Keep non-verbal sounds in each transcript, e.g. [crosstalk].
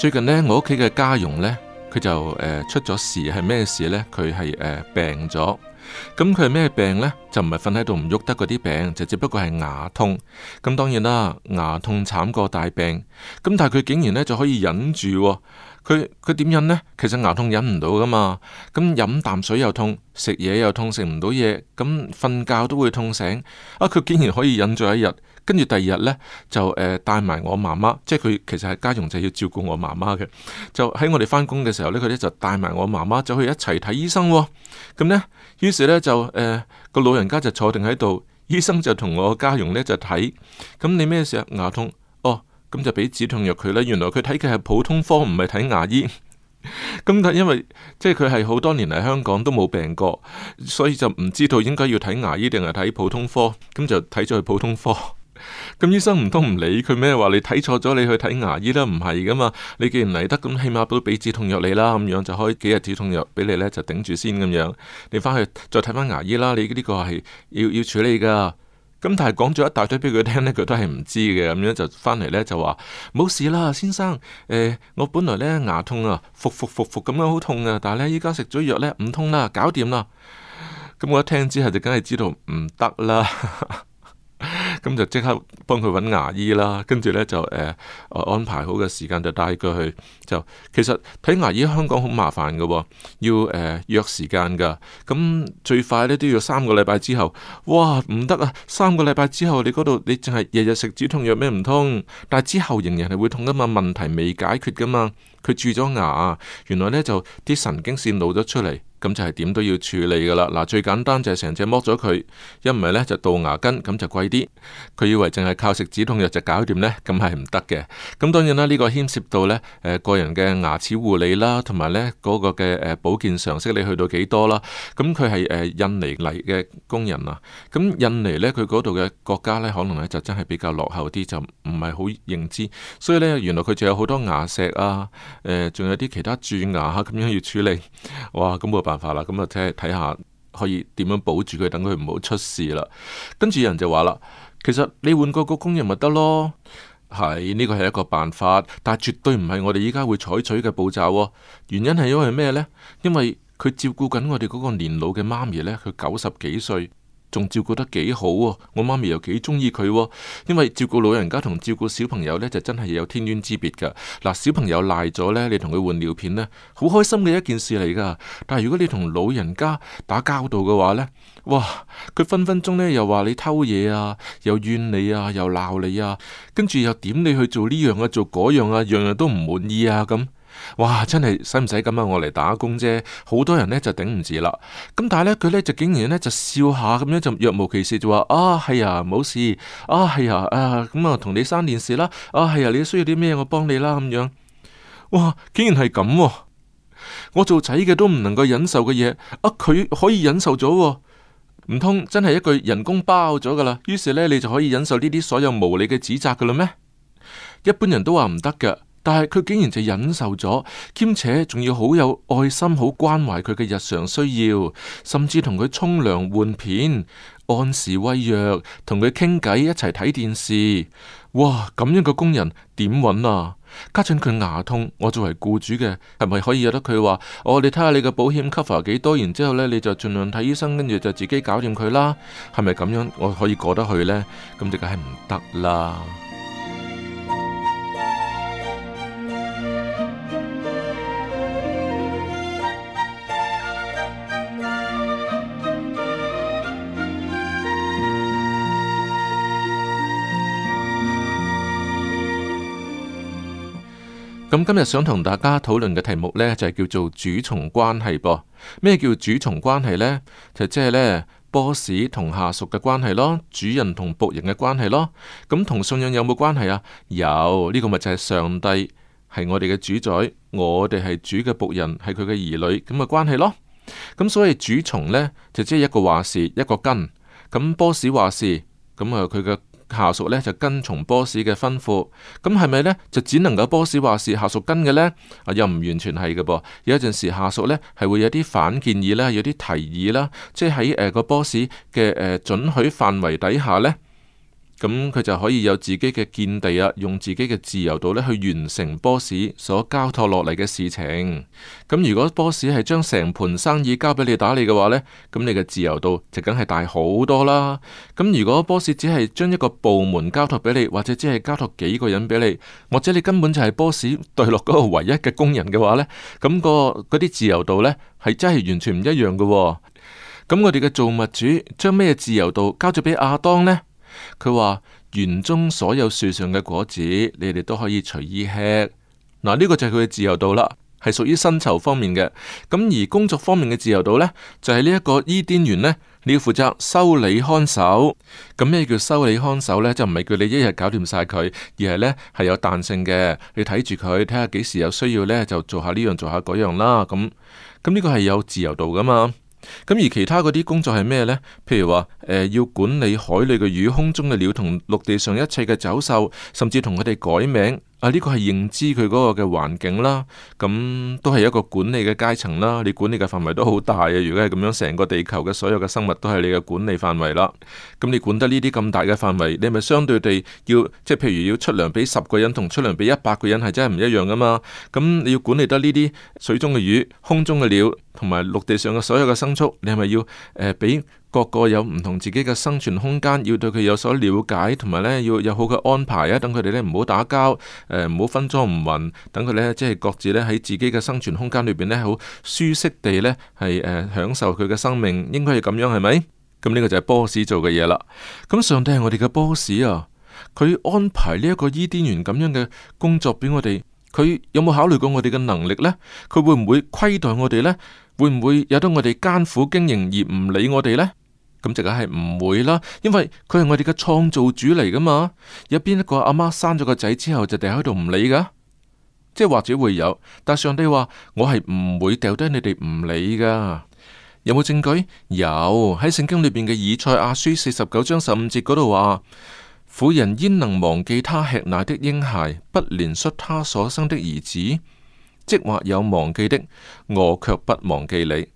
最近呢，我屋企嘅家傭呢，佢就誒、呃、出咗事，係咩事呢？佢係誒病咗，咁佢係咩病呢？就唔係瞓喺度唔喐得嗰啲病，就只不過係牙痛。咁當然啦，牙痛慘過大病。咁但係佢竟然呢就可以忍住。佢佢點忍呢？其實牙痛忍唔到噶嘛。咁飲啖水又痛，食嘢又痛，食唔到嘢，咁瞓覺都會痛醒。啊！佢竟然可以忍咗一日。跟住第二日呢，就誒帶埋我媽媽，即係佢其實係家傭，就要照顧我媽媽嘅。就喺我哋返工嘅時候呢，佢呢就帶埋我媽媽走去一齊睇醫生。哦。咁、嗯、呢，於是呢，就誒個、呃、老人家就坐定喺度，醫生就同我家傭呢就睇。咁你咩事啊？牙痛？哦，咁、哦、就俾止痛藥佢啦。原來佢睇嘅係普通科，唔係睇牙醫。咁 [laughs] 但因為即係佢係好多年嚟香港都冇病過，所以就唔知道應該要睇牙醫定係睇普通科。咁就睇咗去普通科。咁醫生唔通唔理佢咩？話你睇錯咗，你去睇牙醫啦，唔係噶嘛？你既然嚟得，咁起碼都俾止痛藥你啦，咁樣就可以幾日止痛藥俾你呢，就頂住先咁樣。你翻去再睇翻牙醫啦。你呢個係要要處理噶。咁但係講咗一大堆俾佢聽呢，佢都係唔知嘅。咁樣就翻嚟呢，就話冇事啦，先生。誒、欸，我本來呢牙痛啊，復復復復咁樣好痛啊，但係呢，依家食咗藥呢，唔痛啦，搞掂啦。咁我一聽之後就梗係知道唔得啦。 [laughs] 咁就即刻幫佢搵牙醫啦，跟住呢，就誒、呃、安排好嘅時間就帶佢去。就其實睇牙醫香港好麻煩嘅、哦，要誒、呃、約時間㗎。咁最快呢，都要三個禮拜之後，哇，唔得呀！三個禮拜之後你嗰度你淨係日日食止痛藥咩唔通？但係之後仍然係會痛㗎嘛，問題未解決㗎嘛。佢蛀咗牙，原來呢就啲神經線露咗出嚟，咁就係點都要處理噶啦。嗱，最簡單就係成隻剝咗佢，一唔係呢就到牙根，咁就貴啲。佢以為淨係靠食止痛藥就搞掂呢，咁係唔得嘅。咁當然啦，呢、這個牽涉到呢誒、呃、個人嘅牙齒護理啦，同埋呢嗰、那個嘅誒保健常識，你去到幾多啦？咁佢係誒印尼嚟嘅工人啊。咁印尼呢，佢嗰度嘅國家呢，可能呢就真係比較落後啲，就唔係好認知。所以呢，原來佢仲有好多牙石啊。仲、呃、有啲其他蛀牙咁樣要處理，哇！咁冇辦法啦，咁啊睇睇下可以點樣保住佢，等佢唔好出事啦。跟住有人就話啦，其實你換個個工人咪得咯，係呢個係一個辦法，但係絕對唔係我哋依家會採取嘅步驟、哦。原因係因為咩呢？因為佢照顧緊我哋嗰個年老嘅媽咪呢，佢九十幾歲。仲照顧得幾好喎。我媽咪又幾鍾意佢喎。因為照顧老人家同照顧小朋友呢，就真係有天淵之別㗎。嗱，小朋友賴咗呢，你同佢換尿片呢，好開心嘅一件事嚟㗎。但係如果你同老人家打交道嘅話呢，哇，佢分分鐘呢又話你偷嘢啊，又怨你啊，又鬧你啊，跟住又點你去做呢樣啊，做嗰樣啊，樣樣都唔滿意啊咁。哇，真係使唔使咁啊！我嚟打工啫，好多人呢就頂唔住啦。咁但係呢，佢呢就竟然呢就笑下咁樣就若無其事就話啊，係呀，冇事啊，係呀，啊咁啊同你生電視啦啊，係呀，你需要啲咩我幫你啦咁樣。哇，竟然係咁、啊、我做仔嘅都唔能夠忍受嘅嘢，啊佢可以忍受咗，唔通真係一句人工包咗噶啦？於是呢，你就可以忍受呢啲所有無理嘅指責噶啦咩？一般人都話唔得噶。但係佢竟然就忍受咗，兼且仲要好有愛心、好關懷佢嘅日常需要，甚至同佢沖涼換片、按時餵藥、同佢傾偈、一齊睇電視。哇！咁樣個工人點揾啊？加上佢牙痛，我作為僱主嘅，係咪可以有得佢話？我哋睇下你嘅保險 cover 幾多，然之後呢你就盡量睇醫生，跟住就自己搞掂佢啦。係咪咁樣我可以過得去呢？咁梗係唔得啦。咁今日想同大家討論嘅題目呢，就係叫做主從關係噃。咩叫主從關係呢？就即係呢，boss 同下屬嘅關係咯，主人同僕人嘅關係咯。咁同信仰有冇關係啊？有，呢個咪就係上帝係我哋嘅主宰，我哋係主嘅僕人，係佢嘅兒女，咁嘅關係咯。咁所以主從呢，就即係一個話事，一個根。咁 boss 話事，咁啊佢嘅。下屬呢就跟從 boss 嘅吩咐，咁係咪呢？就只能夠 boss 話事，下屬跟嘅呢？啊，又唔完全係嘅噃，有陣時下屬呢係會有啲反建議咧，有啲提議啦，即係喺誒個 boss 嘅誒準許範圍底下呢。咁佢就可以有自己嘅見地啊，用自己嘅自由度呢去完成 boss 所交託落嚟嘅事情。咁如果 boss 係將成盤生意交俾你打理嘅話呢，咁你嘅自由度就梗係大好多啦。咁如果 boss 只係將一個部門交託俾你，或者只係交託幾個人俾你，或者你根本就係 boss 對落嗰個唯一嘅工人嘅話呢，咁、個嗰啲自由度呢，係真係完全唔一樣嘅、哦。咁我哋嘅造物主將咩自由度交咗俾亞當呢？佢話園中所有樹上嘅果子，你哋都可以隨意吃。嗱，呢個就係佢嘅自由度啦，係屬於薪酬方面嘅。咁而工作方面嘅自由度呢，就係呢一個伊甸園呢，你要負責修理看守。咁咩叫修理看守呢？就唔係叫你一日搞掂晒佢，而係呢，係有彈性嘅，你睇住佢，睇下幾時有需要呢，就做下呢樣做下嗰樣啦。咁咁呢個係有自由度噶嘛？咁而其他嗰啲工作係咩呢？譬如話，誒、呃，要管理海裏嘅魚、空中嘅鳥同陸地上一切嘅走獸，甚至同佢哋改名。啊！呢，這個係認知佢嗰個嘅環境啦，咁，嗯、都係一個管理嘅階層啦。你管理嘅範圍都好大啊。如果係咁樣，成個地球嘅所有嘅生物都係你嘅管理範圍啦。咁，嗯、你管得呢啲咁大嘅範圍，你係咪相對地要即係？譬如要出糧俾十個人同出糧俾一百個人係真係唔一樣噶嘛？咁，嗯、你要管理得呢啲水中嘅魚、空中嘅鳥同埋陸地上嘅所有嘅牲畜，你係咪要誒俾？呃各個有唔同自己嘅生存空間，要對佢有所了解，同埋呢要有好嘅安排啊，等佢哋呢唔好打交，呃、唔好分贓唔匀，等佢呢，即係各自呢喺自己嘅生存空間裏邊呢，好舒適地呢係、呃、享受佢嘅生命，應該係咁樣係咪？咁呢個就係 boss 做嘅嘢啦。咁上帝係我哋嘅 boss 啊，佢安排呢一個伊甸園咁樣嘅工作俾我哋，佢有冇考慮過我哋嘅能力呢？佢會唔會虧待我哋呢？會唔會由得我哋艱苦經營而唔理我哋呢？咁梗係唔會啦，因為佢係我哋嘅創造主嚟噶嘛，有邊一個阿媽生咗個仔之後就掉喺度唔理噶？即係或者會有，但上帝話我係唔會掉低你哋唔理噶。有冇證據？有。喺聖經裏邊嘅以賽亞書四十九章十五節嗰度話：婦人焉能忘記她吃奶的嬰孩，不憐恤他所生的兒子？即或有忘記的，我卻不忘記你。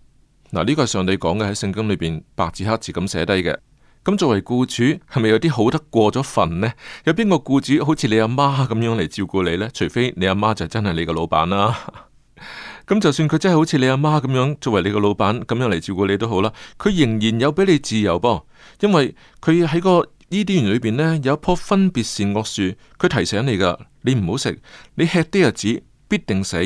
嗱，呢個係上帝講嘅喺聖經裏邊白字黑字咁寫低嘅。咁作為雇主係咪有啲好得過咗份呢？有邊個雇主好似你阿媽咁樣嚟照顧你呢？除非你阿媽就真係你個老闆啦。咁 [laughs] 就算佢真係好似你阿媽咁樣作為你個老闆咁樣嚟照顧你都好啦，佢仍然有俾你自由噃，因為佢喺個伊甸園裏邊呢，有一棵分別善惡樹，佢提醒你噶，你唔好食，你吃啲日子必定死。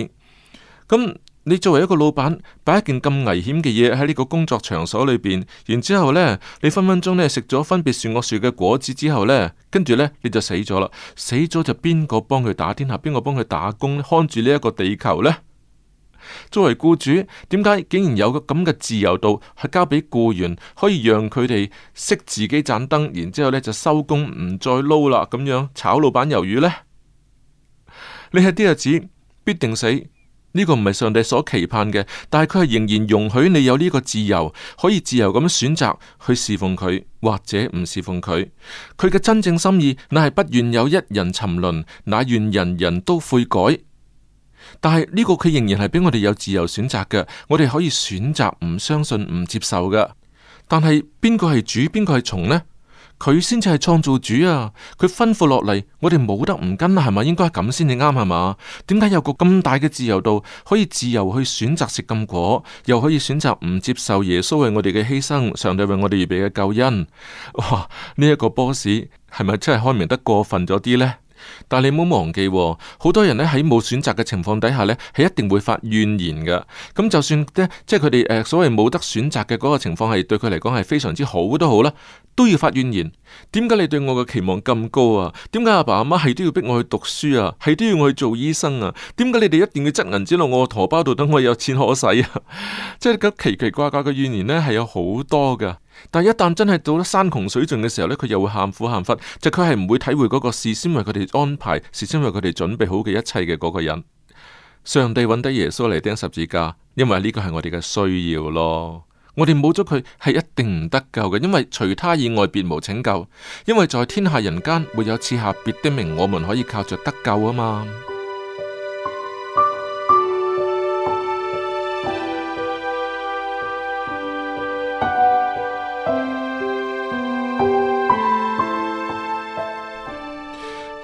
咁。你作為一個老闆，擺一件咁危險嘅嘢,喺呢個工作場所裏邊，然之後咧，你分分鐘咧食咗分別樹惡樹嘅果子之後呢，跟住呢，你就死咗啦，死咗就邊個幫佢打天下，邊個幫佢打工，看住呢一個地球呢？作為僱主，點解竟然有個咁嘅自由度，係交俾僱員，可以讓佢哋熄自己盞燈，然之後咧就收工唔再撈啦，咁樣炒老闆魷魚呢？你係啲日子必定死。呢個唔係上帝所期盼嘅，但係佢係仍然容許你有呢個自由，可以自由咁選擇去侍奉佢或者唔侍奉佢。佢嘅真正心意，乃係不願有一人沉淪，乃願人人都悔改。但係呢個，佢仍然係俾我哋有自由選擇嘅，我哋可以選擇唔相信、唔接受嘅。但係邊個係主，邊個係從呢？佢先至係創造主啊！佢吩咐落嚟，我哋冇得唔跟啊，係咪？應該咁先至啱，係嘛？點解有個咁大嘅自由度，可以自由去選擇食禁果，又可以選擇唔接受耶穌為我哋嘅犧牲，上帝為我哋預備嘅救恩？哇！呢一個 boss 係咪真係開明得過分咗啲呢？但你唔好忘記，好多人咧喺冇選擇嘅情況底下呢，係一定會發怨言嘅。咁就算咧，即係佢哋誒所謂冇得選擇嘅嗰個情況係對佢嚟講係非常之好都好啦，都要發怨言。點解你對我嘅期望咁高啊？點解阿爸阿媽係都要逼我去讀書啊？係都要我去做醫生啊？點解你哋一定要執銀紙落我個荷包度等我有錢可使啊？即係咁奇奇怪怪嘅怨言呢，係有好多噶。但一旦真係到咗山窮水盡嘅時候呢，佢又會喊苦喊忽，就佢係唔會體會嗰個事先為佢哋安排，事先為佢哋準備好嘅一切嘅嗰個人。上帝揾低耶穌嚟釘十字架，因為呢個係我哋嘅需要咯。我哋冇咗佢，係一定唔得救嘅，因為除他以外別無拯救，因為在天下人間沒有賜下別的名，我們可以靠着得救啊嘛。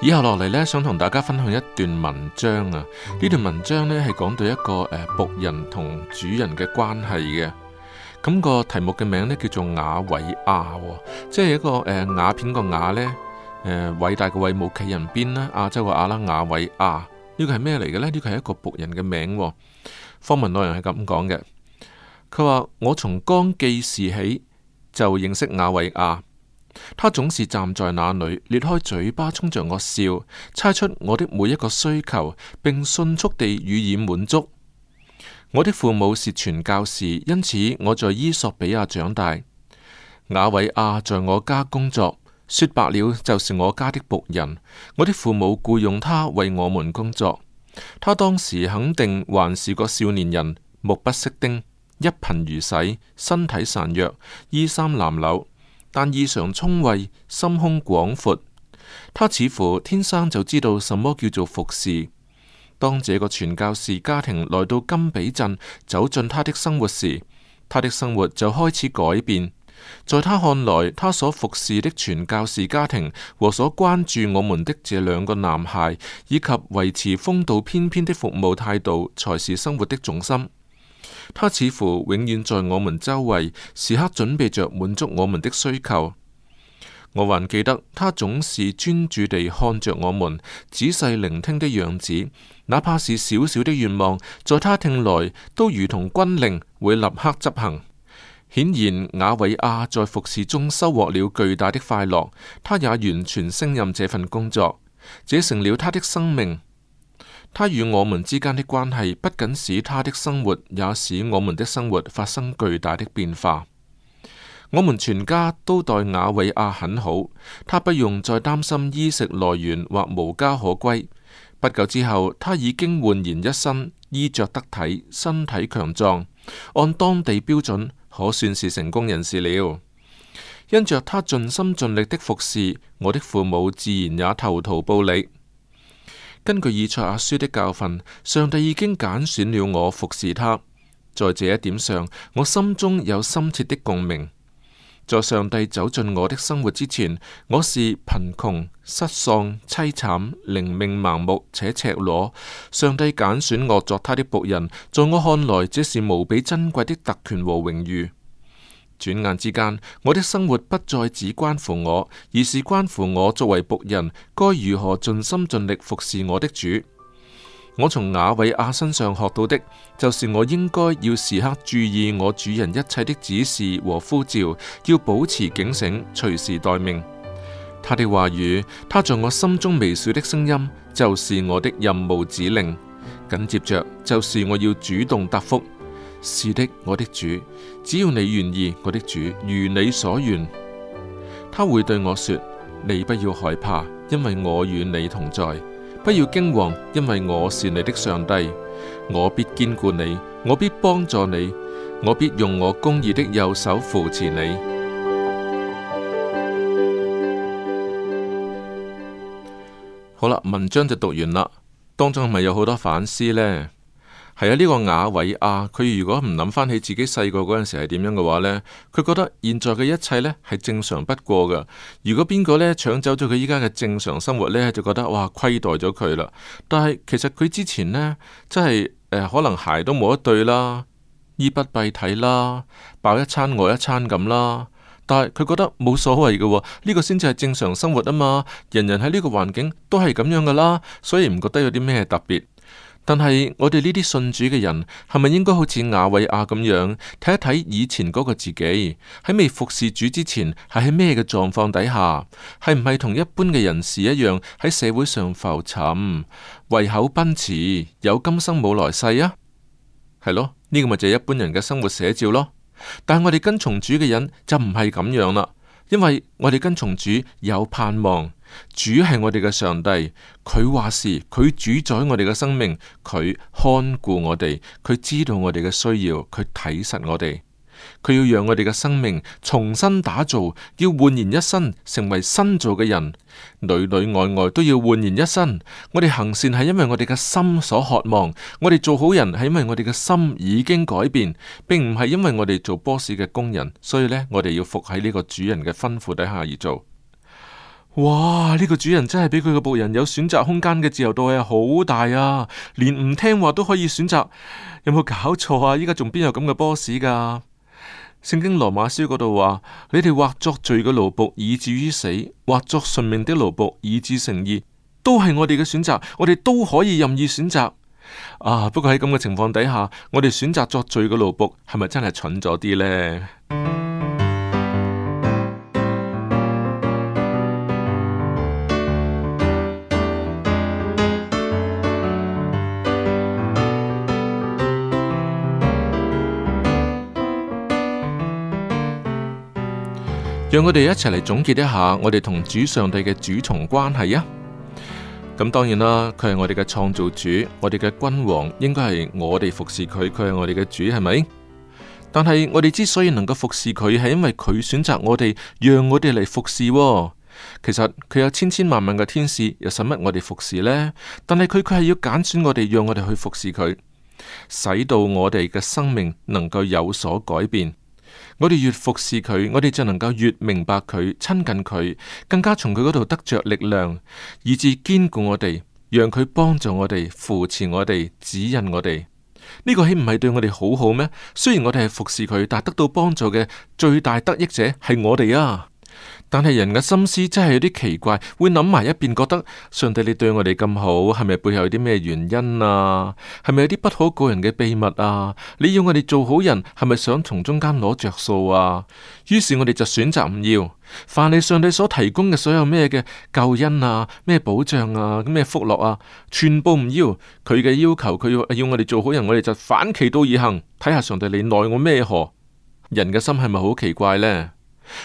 以後下落嚟呢，想同大家分享一段文章啊！呢、嗯、段文章呢，係講到一個誒僕、呃、人同主人嘅關係嘅。咁、嗯這個題目嘅名呢，叫做瓦偉亞，即係一個誒、呃、瓦片個瓦呢，誒偉大嘅偉冇企人邊啦。亞洲話阿拉瓦偉亞，呢、這個係咩嚟嘅呢？呢、這個係一個僕人嘅名，哦。課文內容係咁講嘅，佢話我從剛記事起就認識瓦偉亞。他總是站在那裏，裂開嘴巴衝着我笑，猜出我的每一個需求，並迅速地予以滿足。我的父母是傳教士，因此我在伊索比亞長大。雅偉亞在我家工作，說白了就是我家的僕人。我的父母僱傭他爲我們工作，他當時肯定還是個少年人，目不識丁，一貧如洗，身體孱弱，衣衫襤褸。但異常聰慧，心胸廣闊。他似乎天生就知道什麼叫做服侍。當這個傳教士家庭來到金比鎮，走進他的生活時，他的生活就開始改變。在他看來，他所服侍的傳教士家庭和所關注我們的這兩個男孩，以及維持風度翩翩的服務態度，才是生活的重心。他似乎永遠在我們周圍，時刻準備着滿足我們的需求。我還記得他總是專注地看着我們，仔細聆聽的樣子。哪怕是小小的願望，在他聽來都如同軍令，會立刻執行。顯然，雅偉亞在服侍中收穫了巨大的快樂。他也完全勝任這份工作，這成了他的生命。他與我們之間的關係，不僅使他的生活，也使我們的生活發生巨大的變化。我們全家都待雅偉亞很好，他不用再擔心衣食來源或無家可歸。不久之後，他已經煥然一新，衣着得體，身體強壯，按當地標準可算是成功人士了。因着他盡心盡力的服侍，我的父母自然也投桃報李。根據以賽亞書的教訓，上帝已經揀選了我服侍他。在這一點上，我心中有深切的共鳴。在上帝走進我的生活之前，我是貧窮、失喪、淒慘、靈命盲目且赤裸。上帝揀選我作他的僕人，在我看來，這是無比珍貴的特權和榮譽。轉眼之間，我的生活不再只關乎我，而是關乎我作為僕人該如何盡心盡力服侍我的主。我從雅偉亞身上學到的，就是我應該要時刻注意我主人一切的指示和呼召，要保持警醒，隨時待命。他的話語，他在我心中微小的聲音，就是我的任務指令。緊接着，就是我要主動答覆。是的，我的主，只要你願意，我的主如你所願，他會對我說：你不要害怕，因為我與你同在；不要驚惶，因為我是你的上帝，我必堅固你，我必幫助你，我必用我公義的右手扶持你。 [music] 好啦，文章就讀完啦，當中係咪有好多反思呢？係啊，呢、這個瓦偉啊，佢如果唔諗翻起自己細個嗰陣時係點樣嘅話呢？佢覺得現在嘅一切呢係正常不過噶如果邊個呢搶走咗佢依家嘅正常生活呢，就覺得哇虧待咗佢啦。但係其實佢之前呢，即係、呃、可能鞋都冇一對啦，衣不蔽體啦，飽一餐餓、呃、一餐咁啦。但係佢覺得冇所謂嘅，呢、這個先至係正常生活啊嘛。人人喺呢個環境都係咁樣噶啦，所以唔覺得有啲咩特別。但係我哋呢啲信主嘅人，係咪應該好似亞維亞咁樣睇一睇以前嗰個自己，喺未服侍主之前係喺咩嘅狀況底下？係唔係同一般嘅人士一樣喺社會上浮沉、胃口奔馳、有今生冇來世啊？係咯，呢個咪就係一般人嘅生活寫照咯。但係我哋跟從主嘅人就唔係咁樣啦，因為我哋跟從主有盼望。主係我哋嘅上帝，佢話事，佢主宰我哋嘅生命，佢看顧我哋，佢知道我哋嘅需要，佢睇實我哋，佢要讓我哋嘅生命重新打造，要煥然一新，成為新造嘅人，裏裏外外都要煥然一新。我哋行善係因為我哋嘅心所渴望，我哋做好人係因為我哋嘅心已經改變，並唔係因為我哋做波士嘅工人，所以呢，我哋要服喺呢個主人嘅吩咐底下而做。哇！呢個主人真係俾佢個僕人有選擇空間嘅自由度係好大啊，連唔聽話都可以選擇。有冇搞錯啊？依家仲邊有咁嘅 boss 噶？聖經羅馬書嗰度話，你哋或作罪嘅奴僕以至於死，或作順命的奴僕以至成義，都係我哋嘅選擇，我哋都可以任意選擇。啊！不過喺咁嘅情況底下，我哋選擇作罪嘅奴僕係咪真係蠢咗啲呢？讓我哋一齊嚟總結一下，我哋同主上帝嘅主從關係啊！咁當然啦，佢係我哋嘅創造主，我哋嘅君王應該係我哋服侍佢，佢係我哋嘅主，係咪？但係我哋之所以能夠服侍佢，係因為佢選擇我哋，讓我哋嚟服侍。其實佢有千千萬萬嘅天使，又使乜我哋服侍呢？但係佢佢係要揀選我哋，讓我哋去服侍佢，使到我哋嘅生命能夠有所改變。我哋越服侍佢，我哋就能夠越明白佢、親近佢，更加從佢嗰度得着力量，以至堅固我哋，讓佢幫助我哋、扶持我哋、指引我哋。呢個豈唔係對我哋好好咩？雖然我哋係服侍佢，但係得到幫助嘅最大得益者係我哋啊！但係人嘅心思真係有啲奇怪，會諗埋一邊，覺得上帝你對我哋咁好，係咪背後有啲咩原因啊？係咪有啲不可告人嘅秘密啊？你要我哋做好人，係咪想從中間攞着數啊？於是我哋就選擇唔要。凡係上帝所提供嘅所有咩嘅救恩啊、咩保障啊、咩福樂啊，全部唔要。佢嘅要求，佢要我哋做好人，我哋就反其道而行，睇下上帝你奈我咩何？人嘅心係咪好奇怪呢？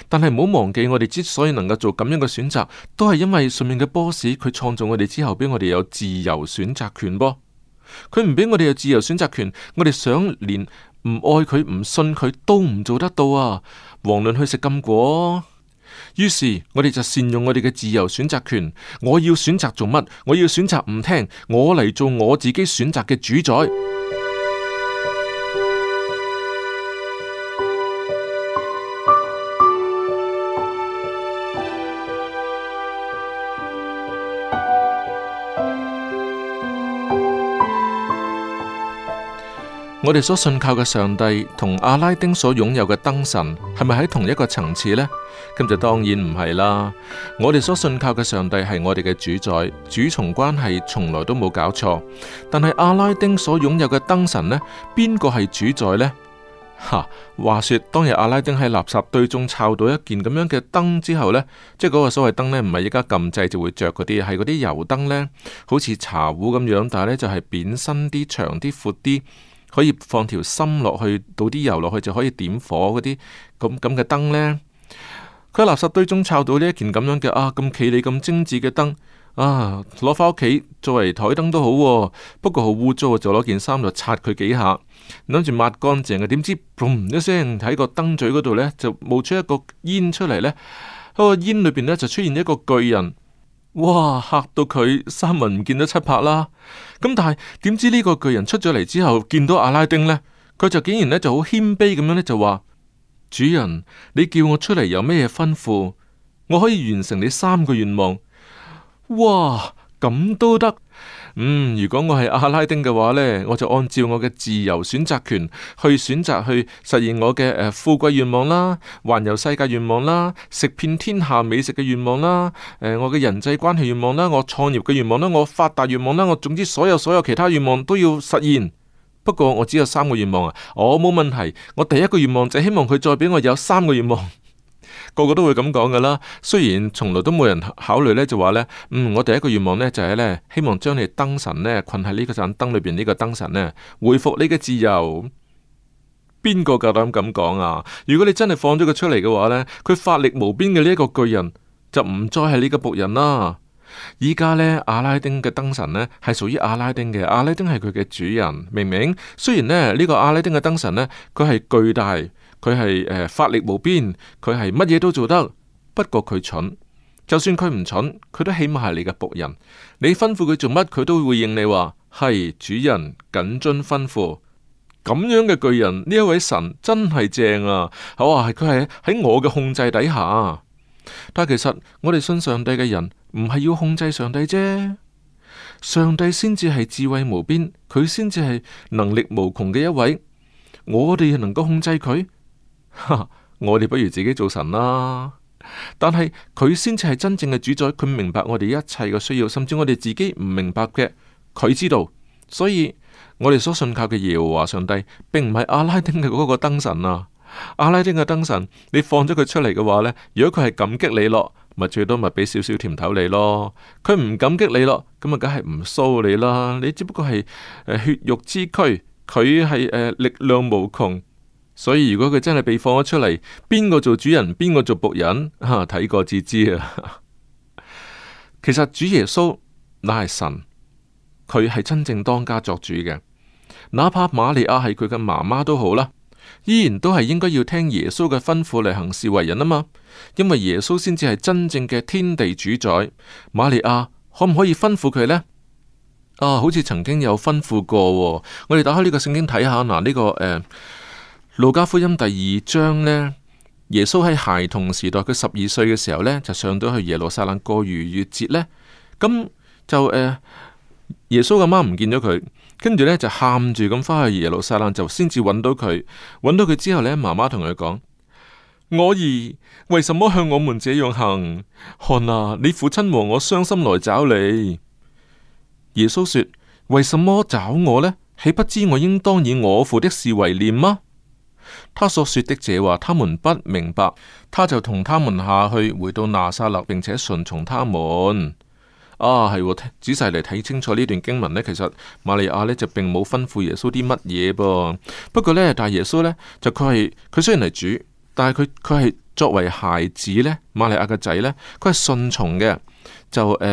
但係唔好忘記，我哋之所以能夠做咁樣嘅選擇，都係因為上面嘅 boss 佢創造我哋之後，俾我哋有自由選擇權啵。佢唔俾我哋有自由選擇權，我哋想連唔愛佢、唔信佢都唔做得到啊！遑論去食禁果。於是，我哋就善用我哋嘅自由選擇權。我要選擇做乜？我要選擇唔聽，我嚟做我自己選擇嘅主宰。我哋所信靠嘅上帝同阿拉丁所擁有嘅燈神係咪喺同一個層次呢？咁就當然唔係啦。我哋所信靠嘅上帝係我哋嘅主宰，主從關係，從來都冇搞錯。但係阿拉丁所擁有嘅燈神呢，邊個係主宰呢？吓，話說當日阿拉丁喺垃圾堆中摷到一件咁樣嘅燈之後呢，即係嗰個所謂燈呢，唔係依家撳掣就會着嗰啲，係嗰啲油燈呢，好似茶壺咁樣，但係呢就係、是、扁身啲、長啲、闊啲。可以放條芯落去，倒啲油落去就可以點火嗰啲咁咁嘅燈呢，佢喺垃圾堆中摷到呢一件咁樣嘅啊，咁企理咁精緻嘅燈啊，攞翻屋企作為台燈都好，啊。不過好污糟啊，就攞件衫嚟擦佢幾下，諗住抹乾淨嘅，點知嘣一聲喺個燈嘴嗰度呢，就冒出一個煙出嚟呢。喺、個煙裏邊咧就出現一個巨人。哇！嚇到佢三魂唔見咗七魄啦！咁但係，點知呢個巨人出咗嚟之後見到阿拉丁呢，佢就竟然呢就好謙卑咁樣呢，就話：主人，你叫我出嚟有咩吩咐？我可以完成你三個願望。哇！咁都得。嗯，如果我係阿拉丁嘅話呢，我就按照我嘅自由選擇權去選擇去實現我嘅誒、呃、富貴願望啦，環遊世界願望啦，食遍天下美食嘅願望啦，誒、呃、我嘅人際關係願望啦，我創業嘅願望啦，我發達願望啦，我總之所有所有其他願望都要實現。不過我只有三個願望啊，我、哦、冇問題。我第一個願望就希望佢再俾我有三個願望。個個都會咁講噶啦，雖然從來都冇人考慮呢，就話呢，嗯，我第一個願望呢，就係呢，希望將你燈神呢，困喺呢個盞燈裏邊呢個燈神呢，回復你嘅自由。邊個夠膽咁講啊？如果你真係放咗佢出嚟嘅話呢，佢法力無邊嘅呢一個巨人就唔再係呢個僕人啦。依家呢，阿拉丁嘅燈神呢，係屬於阿拉丁嘅，阿拉丁係佢嘅主人。明明雖然呢，呢個阿拉丁嘅燈神呢，佢係巨大。佢係誒法力無邊，佢係乜嘢都做得。不過佢蠢，就算佢唔蠢，佢都起碼係你嘅僕人。你吩咐佢做乜，佢都會應你話係，主人謹遵吩咐。咁樣嘅巨人，呢一位神真係正啊！他他我話佢係喺我嘅控制底下。但其實我哋信上帝嘅人唔係要控制上帝啫，上帝先至係智慧無邊，佢先至係能力無窮嘅一位。我哋能夠控制佢。 [music] 我哋不如自己做神啦，但係佢先至係真正嘅主宰，佢明白我哋一切嘅需要，甚至我哋自己唔明白嘅，佢知道。所以我哋所信靠嘅耶和華上帝，並唔係阿拉丁嘅嗰個燈神啊！阿拉丁嘅燈神，你放咗佢出嚟嘅話呢，如果佢係感激你咯，咪最多咪俾少少甜頭你咯。佢唔感激你咯，咁咪梗係唔騷你啦。你只不過係血肉之軀，佢係力量無窮。所以如果佢真係被放咗出嚟，邊個做主人，邊個做僕人？哈，睇過至知啊。知 [laughs] 其實主耶穌乃係神，佢係真正當家作主嘅。哪怕瑪利亞係佢嘅媽媽都好啦，依然都係應該要聽耶穌嘅吩咐嚟行事為人啊嘛。因為耶穌先至係真正嘅天地主宰。瑪利亞可唔可以吩咐佢呢？啊，好似曾經有吩咐過、哦。我哋打開呢個聖經睇下，嗱、啊、呢、這個誒。呃路加福音第二章呢，耶穌喺孩童時代，佢十二歲嘅時候呢，就上到去耶路撒冷過逾越節呢。咁就、呃、耶穌嘅媽唔見咗佢，跟住咧就喊住咁返去耶路撒冷，就先至揾到佢。揾到佢之後呢，媽媽同佢講：嗯、我兒，為什麼向我們這樣行？看啊，你父親和我傷心來找你。耶穌說：為什麼找我呢？豈不知我應當以我父的事為念嗎？他所說的這話，他們不明白，他就同他們下去，回到拿撒勒，並且順從他們。啊，係、哦、仔細嚟睇清楚呢段經文呢。其實瑪利亞呢，就並冇吩咐耶穌啲乜嘢噃。不過呢，大耶穌呢，就佢係佢雖然係主，但係佢佢係作為孩子呢。瑪利亞個仔呢，佢係順從嘅。就誒、阿、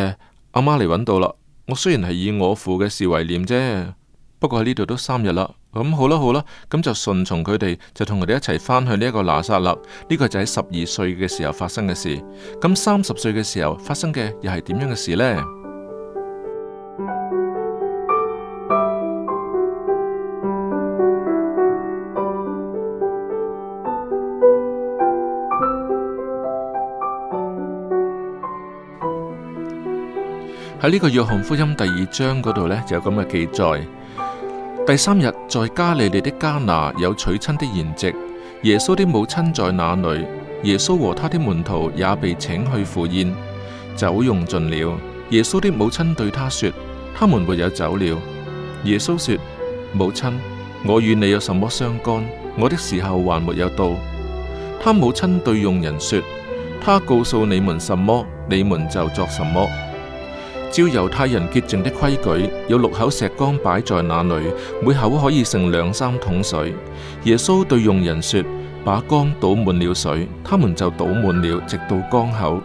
呃、媽嚟搵到啦，我雖然係以我父嘅事為念啫。不過喺呢度都三日啦，咁好啦好啦，咁就順從佢哋，就同佢哋一齊翻去呢一個拿撒勒。呢個就喺十二歲嘅時候發生嘅事。咁三十歲嘅時候發生嘅又係點樣嘅事呢？喺呢個約翰福音第二章嗰度呢，就有咁嘅記載。第三日，在加利利的加拿有娶親的筵席，耶穌的母親在那裏，耶穌和他的門徒也被請去赴宴。酒用盡了，耶穌的母親對他說：他們沒有酒了。耶穌說：母親，我與你有什麼相干？我的時候還沒有到。他母親對傭人說：他告訴你們什麼，你們就作什麼。照猶太人潔淨的規矩，有六口石缸擺在那裏，每口可以盛兩三桶水。耶穌對用人說：把缸倒滿了水，他們就倒滿了，直到缸口。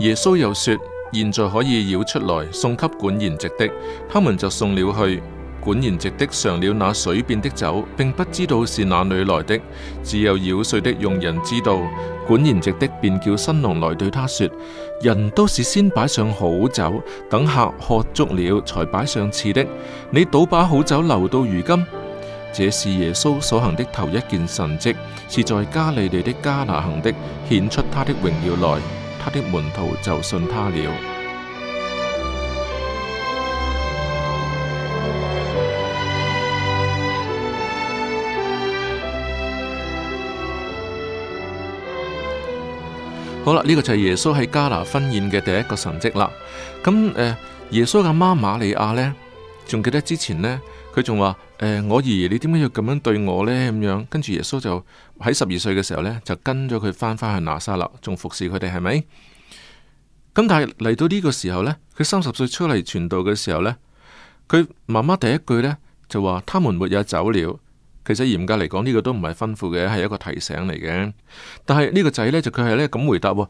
耶穌又說：現在可以舀出來送給管筵席的，他們就送了去。管筵席的嘗了那水變的酒，並不知道是哪裏來的，只有舀水的用人知道。管筵席的便叫新郎來對他說：人都是先擺上好酒，等客喝足了才擺上次的。你倒把好酒留到如今。這是耶穌所行的頭一件神蹟，是在加利利的加拿行的，顯出他的榮耀來，他的門徒就信他了。好啦，呢、這個就係耶穌喺加拿婚宴嘅第一個神蹟啦。咁、嗯、耶穌嘅媽媽瑪利亞呢，仲記得之前呢，佢仲話誒，我兒，你點解要咁樣對我呢？」咁樣跟住耶穌就喺十二歲嘅時候呢，就跟咗佢返返去拿撒勒，仲服侍佢哋係咪？咁、嗯、但係嚟到呢個時候呢，佢三十歲出嚟傳道嘅時候呢，佢媽媽第一句呢，就話：，他們沒有酒了。其實嚴格嚟講，呢個都唔係吩咐嘅，係一個提醒嚟嘅。但係呢個仔呢，就佢係呢咁回答，佢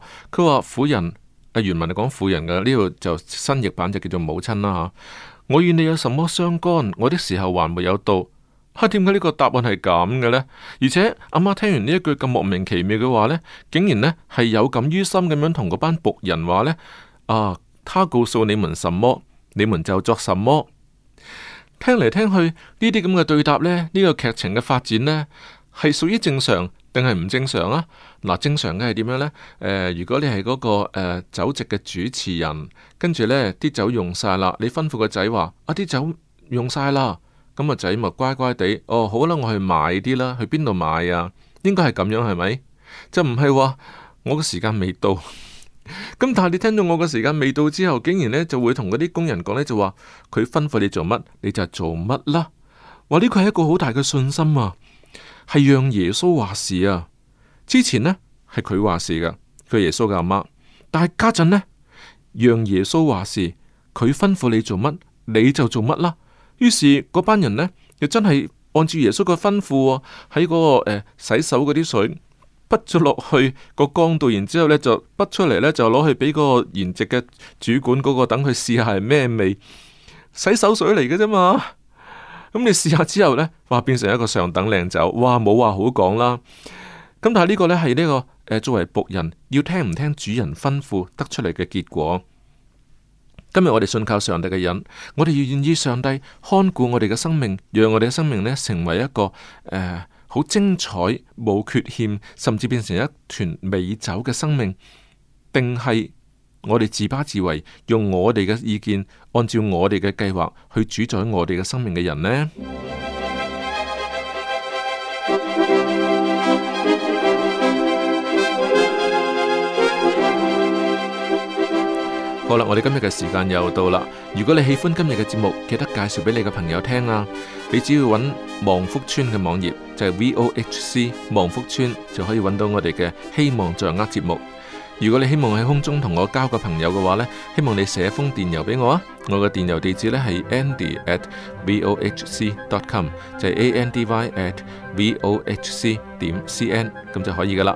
話婦人，阿原文係講婦人噶，呢個就新譯版就叫做母親啦吓。我與你有什麼相干？我的時候還沒有到。吓、啊，點解呢個答案係咁嘅呢？而且阿媽聽完呢一句咁莫名其妙嘅話呢，竟然呢係有感於心咁樣同嗰班僕人話呢：「啊，他告訴你們什麼，你們就作什麼。聽嚟聽去呢啲咁嘅對答呢，呢、這個劇情嘅發展呢，係屬於正常定係唔正常啊？嗱，正常嘅係點樣呢、呃？如果你係嗰、那個、呃、酒席嘅主持人，跟住呢啲酒用晒啦，你吩咐個仔話啊，啲酒用晒啦，咁個仔咪乖乖地哦，好啦，我去買啲啦，去邊度買啊？應該係咁樣係咪？就唔係話我個時間未到。咁但係你聽到我嘅時間未到之後，竟然呢就會同嗰啲工人講呢，就話佢吩咐你做乜，你就做乜啦。話呢個係一個好大嘅信心啊，係讓耶穌話事啊。之前呢，係佢話事噶，佢耶穌嘅阿媽，媽。但係家陣呢，讓耶穌話事，佢吩咐你做乜，你就做乜啦。於是嗰班人呢，又真係按照耶穌嘅吩咐喎，喺嗰、嗰個、呃、洗手嗰啲水，滗咗落去個缸度，然之後咧，就滗出嚟，呢就攞去俾嗰個筵席嘅主管嗰、嗰個等佢試下係咩味，洗手水嚟嘅啫嘛。咁、嗯、你試下之後呢，話變成一個上等靚酒，哇，冇話好講啦。咁但係呢個呢係呢、呢個作為僕人要聽唔聽主人吩咐得出嚟嘅結果。今日我哋信靠上帝嘅人，我哋要願意上帝看顧我哋嘅生命，讓我哋嘅生命呢成為一個、呃好精彩，冇缺陷，甚至變成一團美酒嘅生命，定係我哋自把自為，用我哋嘅意見，按照我哋嘅計劃，去主宰我哋嘅生命嘅人呢？好啦，我哋今日嘅時間又到啦。如果你喜歡今日嘅節目，記得介紹俾你嘅朋友聽啊。你只要揾望福村嘅網頁，就係 V O H C 望福村，就可以揾到我哋嘅希望在握節目。如果你希望喺空中同我交個朋友嘅話呢，希望你寫封電郵俾我啊。我嘅電郵地址呢係 Andy at V O H C dot com，就係 A N D Y at V O H C 點 C N 咁就可以噶啦。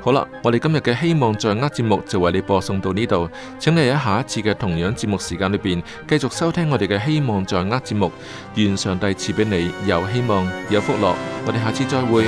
好啦，我哋今日嘅希望在握節目就為你播送到呢度，請你喺下一次嘅同樣節目時間裏邊繼續收聽我哋嘅希望在握節目。願上帝賜俾你有希望、有福樂。我哋下次再會。